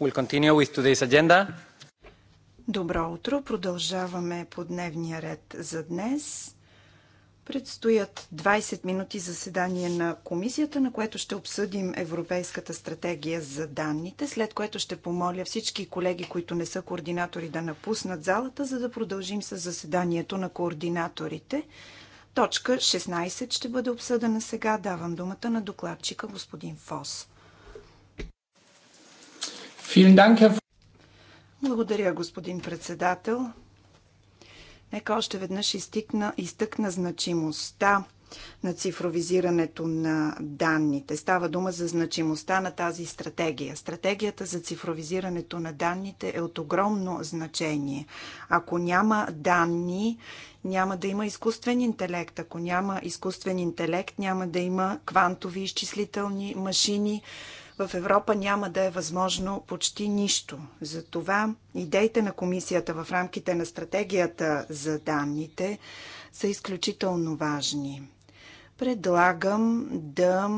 We'll continue with today's agenda. Добро утро! Продължаваме по дневния ред за днес. Предстоят 20 минути заседание на комисията, на което ще обсъдим Европейската стратегия за данните, след което ще помоля всички колеги, които не са координатори, да напуснат залата, за да продължим с заседанието на координаторите. Точка 16 ще бъде обсъдена сега. Давам думата на докладчика господин Фос. Благодаря, господин председател. Нека още веднъж изтикна, изтъкна значимостта на цифровизирането на данните. Става дума за значимостта на тази стратегия. Стратегията за цифровизирането на данните е от огромно значение. Ако няма данни, няма да има изкуствен интелект. Ако няма изкуствен интелект, няма да има квантови изчислителни машини, в Европа няма да е възможно почти нищо. Затова идеите на комисията в рамките на стратегията за данните са изключително важни. Предлагам да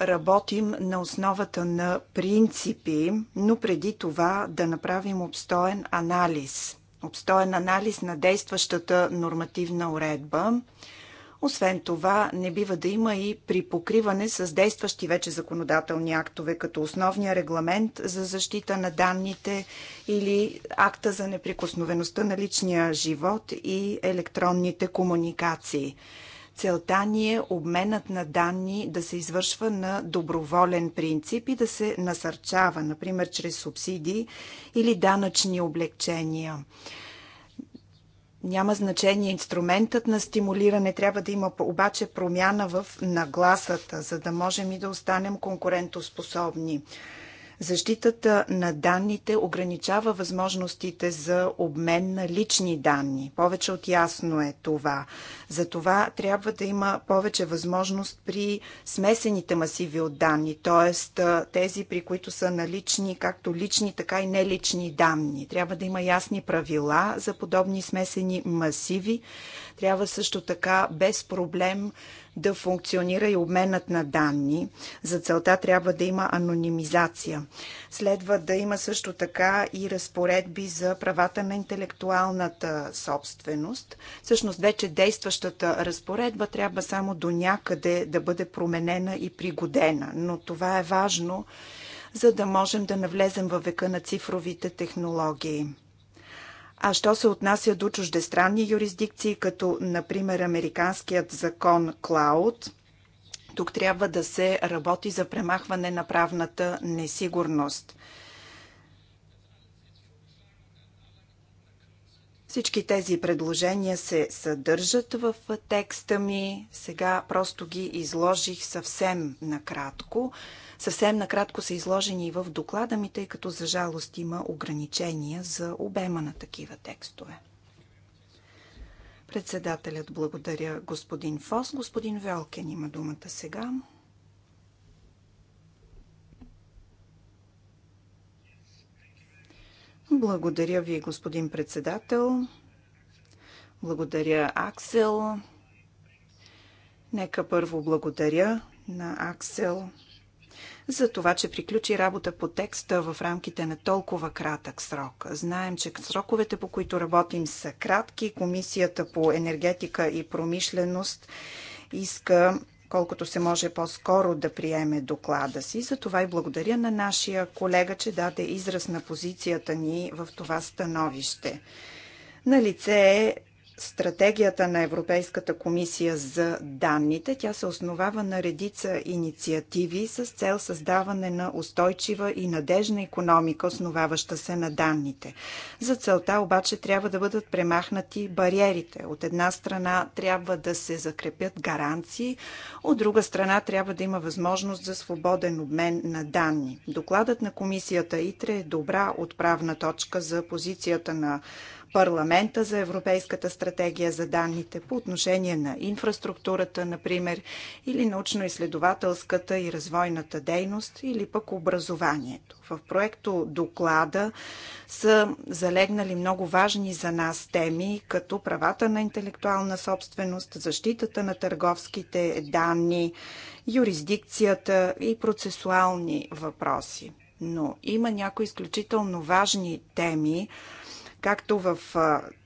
работим на основата на принципи, но преди това да направим обстоен анализ. Обстоен анализ на действащата нормативна уредба – освен това, не бива да има и при покриване с действащи вече законодателни актове, като основния регламент за защита на данните или акта за неприкосновеността на личния живот и електронните комуникации. Целта ни е обменът на данни да се извършва на доброволен принцип и да се насърчава, например, чрез субсидии или данъчни облегчения. Няма значение инструментът на стимулиране, трябва да има обаче промяна в нагласата, за да можем и да останем конкурентоспособни. Защитата на данните ограничава възможностите за обмен на лични данни. Повече от ясно е това. Затова трябва да има повече възможност при смесените масиви от данни, т.е. тези, при които са налични както лични, така и нелични данни. Трябва да има ясни правила за подобни смесени масиви, трябва също така без проблем да функционира и обменът на данни. За целта трябва да има анонимизация. Следва да има също така и разпоредби за правата на интелектуалната собственост. Всъщност вече действащата разпоредба трябва само до някъде да бъде променена и пригодена, но това е важно, за да можем да навлезем във века на цифровите технологии. А що се отнася до чуждестранни юрисдикции, като например американският закон Клауд, тук трябва да се работи за премахване на правната несигурност. Всички тези предложения се съдържат в текста ми. Сега просто ги изложих съвсем накратко. Съвсем накратко са изложени и в доклада ми, тъй като за жалост има ограничения за обема на такива текстове. Председателят благодаря господин Фос. Господин Велкен има думата сега. Благодаря ви, господин председател. Благодаря, Аксел. Нека първо благодаря на Аксел за това, че приключи работа по текста в рамките на толкова кратък срок. Знаем, че сроковете, по които работим, са кратки. Комисията по енергетика и промишленост иска колкото се може по-скоро да приеме доклада си. Затова и благодаря на нашия колега, че даде израз на позицията ни в това становище. На лице е стратегията на Европейската комисия за данните. Тя се основава на редица инициативи с цел създаване на устойчива и надежна економика, основаваща се на данните. За целта обаче трябва да бъдат премахнати бариерите. От една страна трябва да се закрепят гаранции, от друга страна трябва да има възможност за свободен обмен на данни. Докладът на комисията ИТРЕ е добра отправна точка за позицията на парламента за Европейската стратегия за данните по отношение на инфраструктурата, например, или научно-изследователската и развойната дейност, или пък образованието. В проекто доклада са залегнали много важни за нас теми, като правата на интелектуална собственост, защитата на търговските данни, юрисдикцията и процесуални въпроси. Но има някои изключително важни теми, както в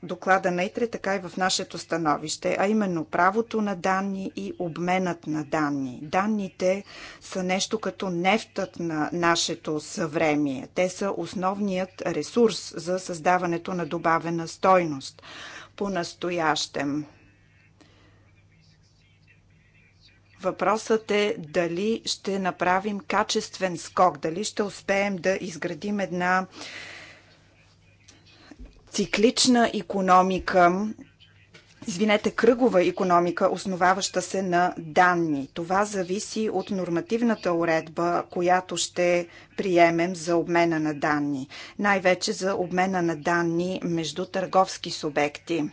доклада на ИТРЕ, така и в нашето становище, а именно правото на данни и обменът на данни. Данните са нещо като нефтът на нашето съвремие. Те са основният ресурс за създаването на добавена стойност. По-настоящем Въпросът е дали ще направим качествен скок, дали ще успеем да изградим една циклична економика, извинете, кръгова економика, основаваща се на данни. Това зависи от нормативната уредба, която ще приемем за обмена на данни. Най-вече за обмена на данни между търговски субекти.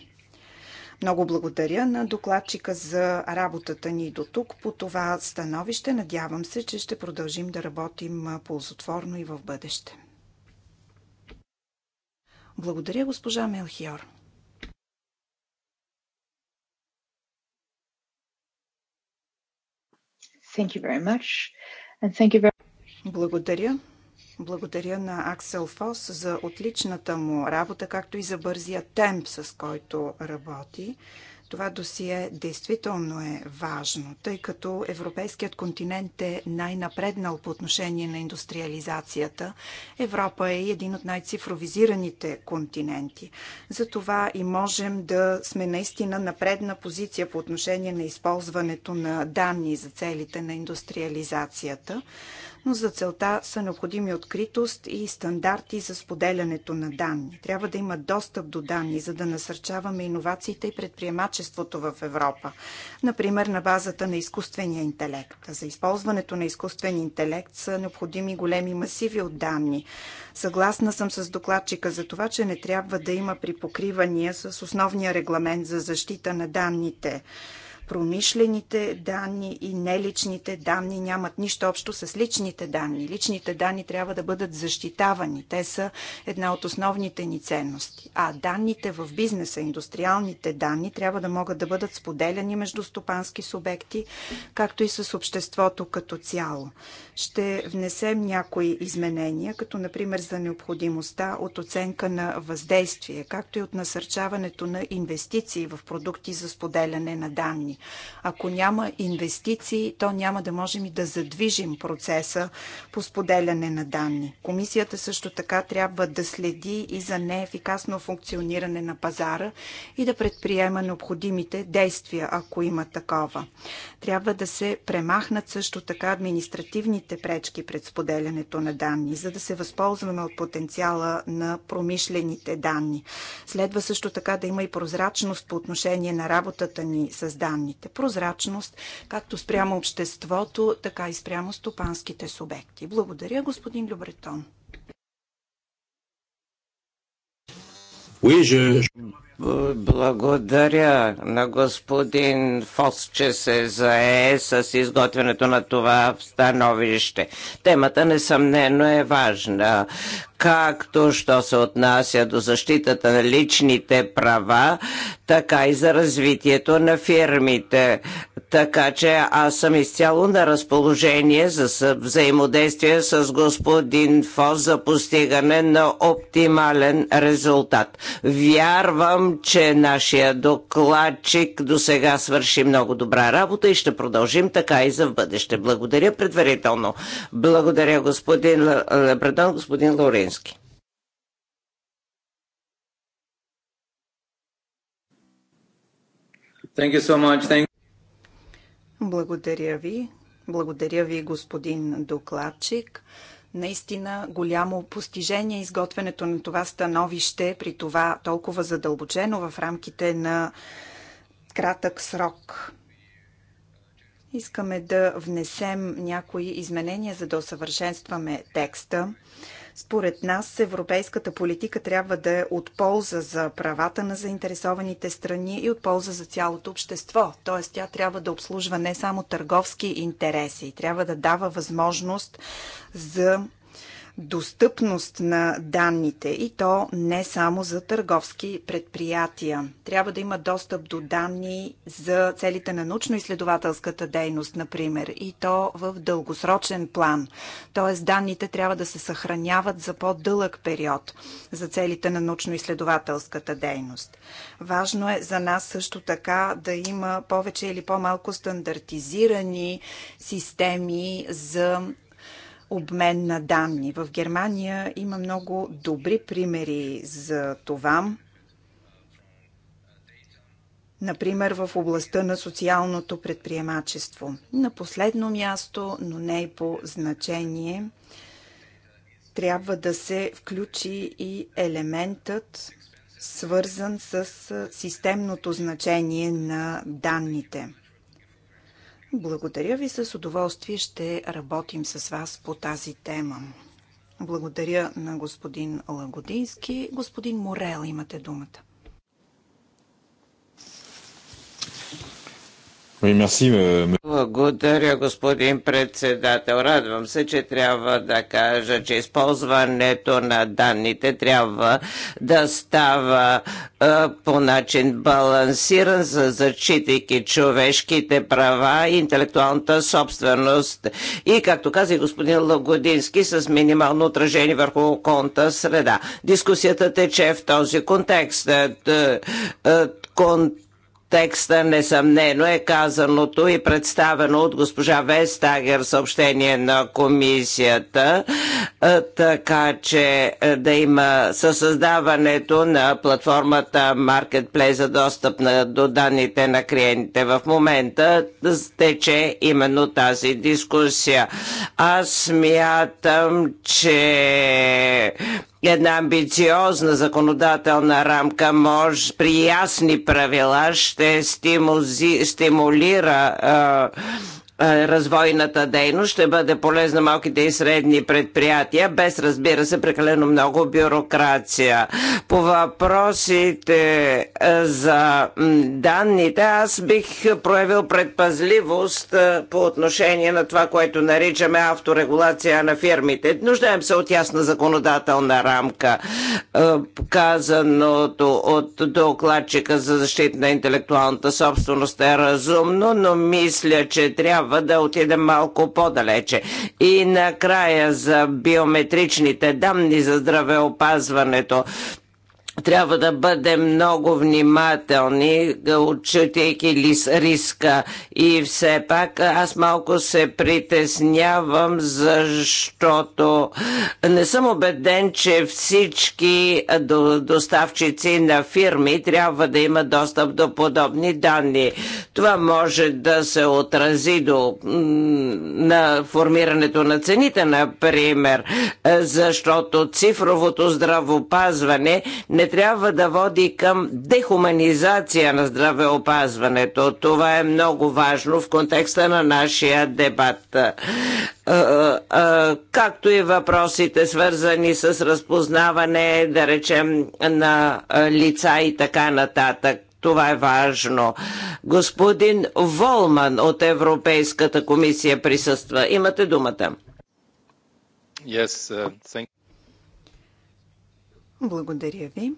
Много благодаря на докладчика за работата ни до тук по това становище. Надявам се, че ще продължим да работим ползотворно и в бъдеще. Благодаря, госпожа Мелхиор. Thank you very much. And thank you very... Благодаря. Благодаря на Аксел Фос за отличната му работа, както и за бързия темп, с който работи. Това досие действително е важно, тъй като европейският континент е най-напреднал по отношение на индустриализацията. Европа е един от най-цифровизираните континенти. Затова и можем да сме наистина напредна позиция по отношение на използването на данни за целите на индустриализацията но за целта са необходими откритост и стандарти за споделянето на данни. Трябва да има достъп до данни, за да насърчаваме иновациите и предприемачеството в Европа. Например, на базата на изкуствения интелект. За използването на изкуствен интелект са необходими големи масиви от данни. Съгласна съм с докладчика за това, че не трябва да има припокривания с основния регламент за защита на данните промишлените данни и неличните данни нямат нищо общо с личните данни. Личните данни трябва да бъдат защитавани. Те са една от основните ни ценности. А данните в бизнеса, индустриалните данни, трябва да могат да бъдат споделяни между стопански субекти, както и с обществото като цяло. Ще внесем някои изменения, като например за необходимостта от оценка на въздействие, както и от насърчаването на инвестиции в продукти за споделяне на данни. Ако няма инвестиции, то няма да можем и да задвижим процеса по споделяне на данни. Комисията също така трябва да следи и за неефикасно функциониране на пазара и да предприема необходимите действия, ако има такова. Трябва да се премахнат също така административните пречки пред споделянето на данни, за да се възползваме от потенциала на промишлените данни. Следва също така да има и прозрачност по отношение на работата ни с данни данните. Прозрачност, както спрямо обществото, така и спрямо стопанските субекти. Благодаря, господин Любретон. Благодаря на господин Фос, че се зае с изготвянето на това становище. Темата несъмнено е важна както що се отнася до защитата на личните права, така и за развитието на фирмите. Така че аз съм изцяло на разположение за взаимодействие с господин Фос за постигане на оптимален резултат. Вярвам, че нашия докладчик до сега свърши много добра работа и ще продължим така и за в бъдеще. Благодаря предварително. Благодаря господин Лепредон, господин Лорин. Пирински. Thank you so much. Thank... Благодаря ви. Благодаря ви, господин докладчик. Наистина голямо постижение изготвянето на това становище, при това толкова задълбочено в рамките на кратък срок. Искаме да внесем някои изменения, за да усъвършенстваме текста. Според нас европейската политика трябва да е от полза за правата на заинтересованите страни и от полза за цялото общество. Т.е. тя трябва да обслужва не само търговски интереси, трябва да дава възможност за достъпност на данните и то не само за търговски предприятия. Трябва да има достъп до данни за целите на научно-изследователската дейност, например, и то в дългосрочен план. Тоест данните трябва да се съхраняват за по-дълъг период за целите на научно-изследователската дейност. Важно е за нас също така да има повече или по-малко стандартизирани системи за обмен на данни. В Германия има много добри примери за това. Например, в областта на социалното предприемачество. На последно място, но не и по значение, трябва да се включи и елементът, свързан с системното значение на данните. Благодаря ви с удоволствие. Ще работим с вас по тази тема. Благодаря на господин Лагодински. Господин Морел, имате думата. Euh, Благодаря, господин председател. Радвам се, че трябва да кажа, че използването на данните трябва да става по начин балансиран, за зачитайки човешките права и интелектуалната собственост. И, както каза и господин Лагодински, с минимално отражение върху околната среда. Дискусията тече в този контекст. Е, е, е, контекст текста несъмнено е казаното и представено от госпожа Вестагер съобщение на комисията, така че да има със създаването на платформата Marketplace за достъп на, до данните на клиентите. В момента тече именно тази дискусия. Аз смятам, че Една амбициозна законодателна рамка може при ясни правила ще стимулира е, развойната дейност ще бъде полезна малките и средни предприятия, без разбира се прекалено много бюрокрация. По въпросите е, за данните, аз бих проявил предпазливост е, по отношение на това, което наричаме авторегулация на фирмите. Нуждаем се от ясна законодателна рамка. Казаното от докладчика за защита на интелектуалната собственост е разумно, но мисля, че трябва трябва да отидем малко по-далече. И накрая за биометричните данни за здравеопазването трябва да бъдем много внимателни, отчитайки риска. И все пак аз малко се притеснявам, защото не съм убеден, че всички доставчици на фирми трябва да имат достъп до подобни данни. Това може да се отрази до, на формирането на цените, например, защото цифровото здравопазване не не трябва да води към дехуманизация на здравеопазването. Това е много важно в контекста на нашия дебат. Както и въпросите свързани с разпознаване, да речем, на лица и така нататък. Това е важно. Господин Волман от Европейската комисия присъства. Имате думата. Yes, uh, thank благодаря ви.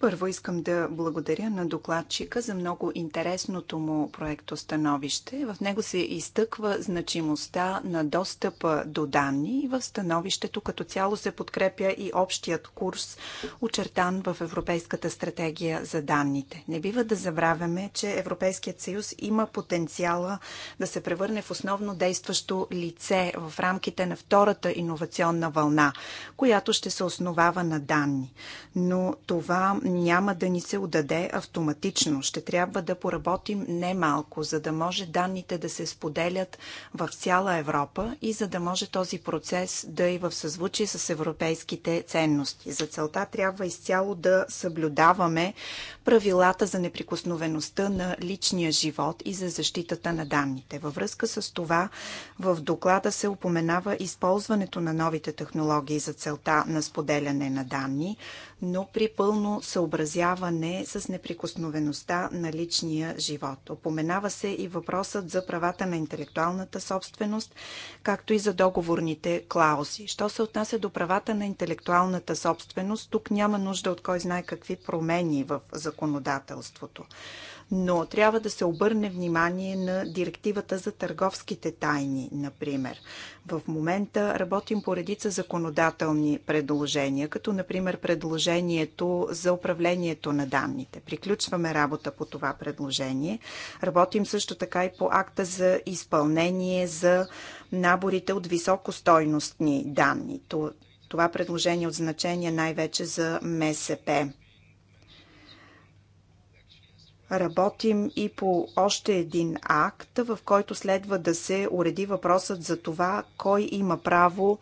Първо искам да благодаря на докладчика за много интересното му проекто становище. В него се изтъква значимостта на достъпа до данни и в становището като цяло се подкрепя и общият курс, очертан в Европейската стратегия за данните. Не бива да забравяме, че Европейският съюз има потенциала да се превърне в основно действащо лице в рамките на втората иновационна вълна, която ще се основава на данни. Но това няма да ни се отдаде автоматично. Ще трябва да поработим немалко, за да може данните да се споделят в цяла Европа и за да може този процес да е в съзвучие с европейските ценности. За целта трябва изцяло да съблюдаваме правилата за неприкосновеността на личния живот и за защитата на данните. Във връзка с това в доклада се упоменава използването на новите технологии за целта на споделяне на данни, но при пълно съобразяване с неприкосновеността на личния живот. Опоменава се и въпросът за правата на интелектуалната собственост, както и за договорните клаузи. Що се отнася до правата на интелектуалната собственост, тук няма нужда от кой знае какви промени в законодателството но трябва да се обърне внимание на директивата за търговските тайни, например. В момента работим по редица законодателни предложения, като например предложението за управлението на данните. Приключваме работа по това предложение. Работим също така и по акта за изпълнение за наборите от високостойностни данни. Това предложение е от значение най-вече за МСП. Работим и по още един акт, в който следва да се уреди въпросът за това кой има право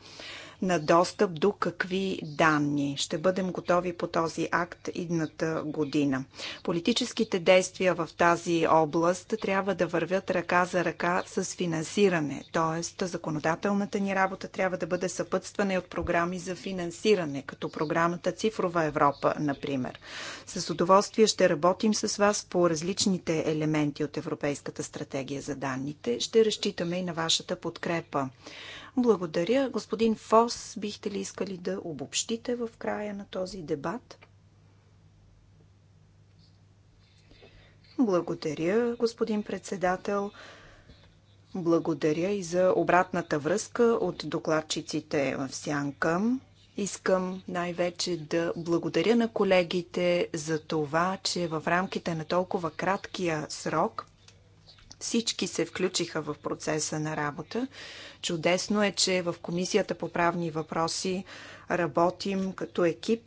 на достъп до какви данни. Ще бъдем готови по този акт идната година. Политическите действия в тази област трябва да вървят ръка за ръка с финансиране, т.е. законодателната ни работа трябва да бъде съпътствана от програми за финансиране, като програмата Цифрова Европа, например. С удоволствие ще работим с вас по различните елементи от Европейската стратегия за данните. Ще разчитаме и на вашата подкрепа. Благодаря. Господин Фос, бихте ли искали да обобщите в края на този дебат? Благодаря, господин председател. Благодаря и за обратната връзка от докладчиците в Сянка. Искам най-вече да благодаря на колегите за това, че в рамките на толкова краткия срок всички се включиха в процеса на работа. Чудесно е, че в Комисията по правни въпроси работим като екип.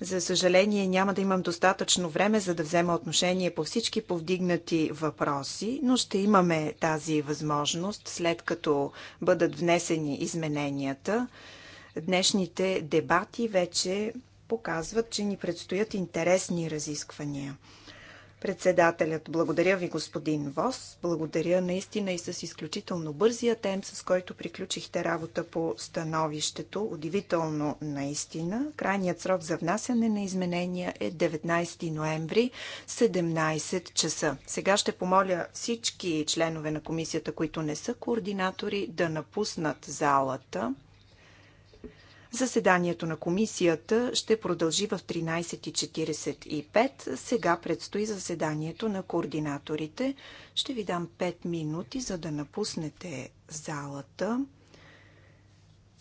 За съжаление няма да имам достатъчно време, за да взема отношение по всички повдигнати въпроси, но ще имаме тази възможност, след като бъдат внесени измененията. Днешните дебати вече показват, че ни предстоят интересни разисквания. Председателят, благодаря ви, господин Вос. Благодаря наистина и с изключително бързия темп, с който приключихте работа по становището. Удивително наистина. Крайният срок за внасяне на изменения е 19 ноември, 17 часа. Сега ще помоля всички членове на комисията, които не са координатори, да напуснат залата. Заседанието на комисията ще продължи в 13.45. Сега предстои заседанието на координаторите. Ще ви дам 5 минути, за да напуснете залата,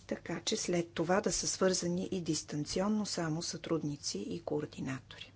така че след това да са свързани и дистанционно само сътрудници и координатори.